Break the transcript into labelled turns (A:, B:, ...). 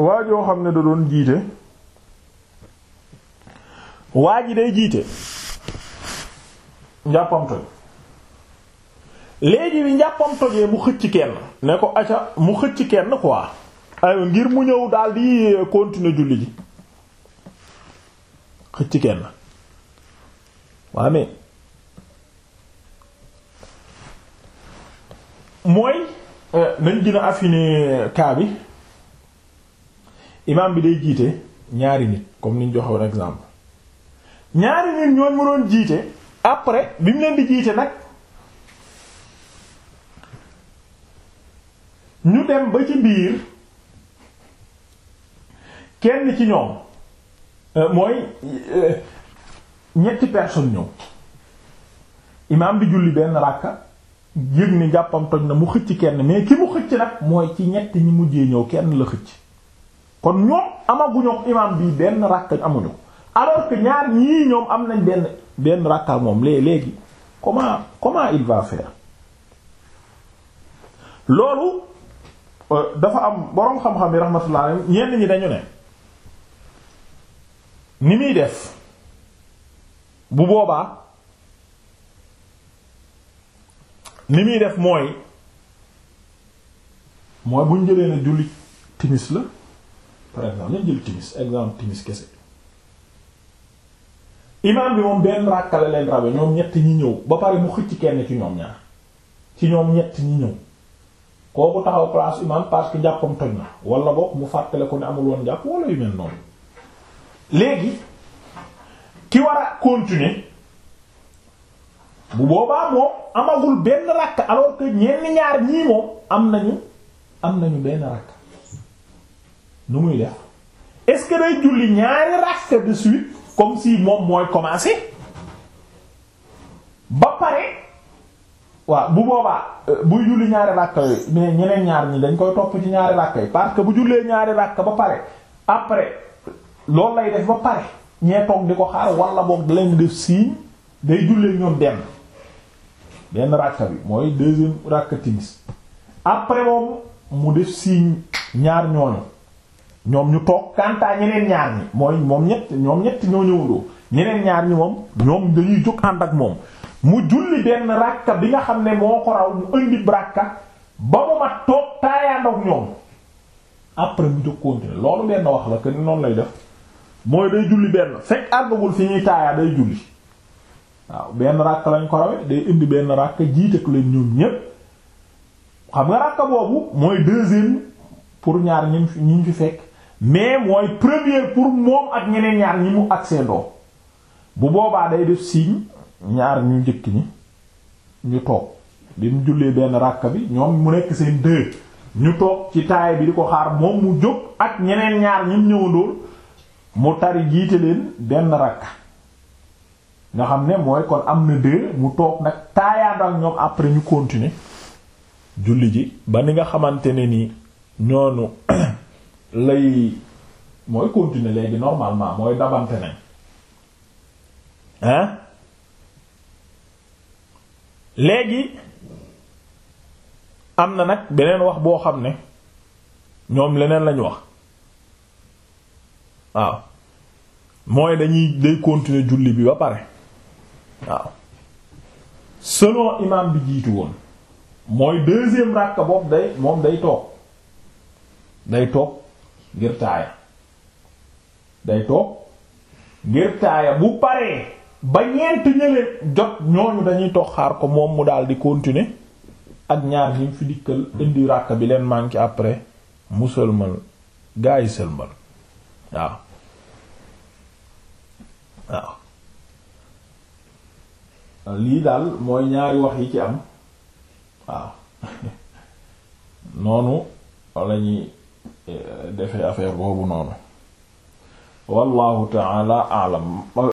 A: waa joo xam ne da doon jiite waa ji day jiite njàppam toj léegi bi njàppam tojee mu xëcc kenn ne ko acca mu xëcc kenn quoi aywa ngir mu ñëw daal di eh, continuer julli ji xëcc kenn waa mais mooy eh, nañ gën a affiner cas bi imaam bi day jiite ñaari nit comme ni ñu joxe woon exemple ñaari nit ñooñu mu doon jiite après bi mu leen di jiite nag ñu dem ba ci biir kenn ci ñoom euh, mooy euh, ñetti personnes ñëw imaam bi julli benn ràkka yëg ni jàppam toj na mu xëcc kenn mais ki mu xëcc nag mooy ci ñetti ñi mujjee ñëw kenn la xëcc kon ñoom amaguñoo imaam bii benn rakk amuñu ko ñaar ñii ñoom am nañ benn benn rakka moom léegi comment comment il va faire loolu euh, dafa am boroom xam-xam yi rahmatullah alayhi ñenn ñi dañu ne ni muy def bu boobaa ni muy def mooy mooy buñ jëlee ne julli timis la. par exemple nañ jël timis exemple timis kese imaam bi moom benn ràkkale leen rawe ñoom ñett ñi ñëw ba pare mu xëcc kenn ci ñoom ñaar ci ñoom ñett ñi ñëw kooku taxaw place imaam parce que jàppam toj na wala boog mu fàttale ko ne amul woon jàpp wala yu mel noonu léegi ki war a continuer bu boobaa moom amagul benn rakk alors que ñenn ñaar ñii moom am nañu am nañu benn rakk nu muy def est-ce que day julli ñaari rakka de suite comme si moom mooy commencé ba pare waaw bu boobaa euh, buy julli ñaari rakka yooyu mais ñeneen ñaar ñi dañ koy topp ci ñaari rakka yi parce que bu jullee ñaari rakka ba pare après loolu lay def ba pare ñee toog di ko xaar wala boog da leen def signe day jullee ñoom benn benn rakka bi mooy deuxième rakka timis après moom mu def signe ñaar ñooñu ñoom ñu toog kantaa ñeneen ñaar ñi mooy moom ñett ñoom ñett ñoo ñëwandoo ñeneen ñaar ñi moom ñoom dañuy jóg ànd moom mu julli benn ràkka bi nga xam ne moo ko raw mu indi ràkka ba mu mat toog taayaand ak ñoom après mu jóg continuer loolu benn wax la que ni noonu lay def mooy day julli benn fekk àggagul fi ñuy taayaa day julli waaw benn ràkka lañ ko rawe day indi benn ràkka jiite ko leen ñoom ñépp xam nga ràkka boobu mooy deuxième pour ñaar ñi ñu fi fekk mais mooy première pour moom ak ñeneen ñaar ñi mu ak seen doom bu boobaa day def signe ñaar ñu njëkk ñi ñu toog bi mu jullee benn ràkka bi ñoom mu nekk seen deux ñu toog ci taay bi di ko xaar moom mu jóg ak ñeneen ñaar ñi mu ñëwandool mu tari jiite leen benn rakka nga xam ne mooy kon am na deux mu toog nag taayaat ak ñoom après ñu continuer julli ji ba ni nga xamante ne ni ñoonu lay mooy continuer léegi normalement mooy dabante nañ hein léegi am na nag beneen wax boo xam ne ñoom leneen lañu wax waaw mooy dañuy day continuer julli bi ba pare waaw selon imam bi jiitu woon mooy deuxième ràkk boobu day moom day toog day toog ngir taaya day toog ngir taaya bu paree ba ñeent ñële jot ñooñu dañuy toog xaar ko moom mu dal di continuer ak ñaar ñi fi dikkal indi ràkk bi leen manqué après mu sëlmal yi sëlmal waaw waaw lii daal mooy ñaari wax yi ci am waaw noonu lañuy defee affaire boobu noonu wallahu taala alam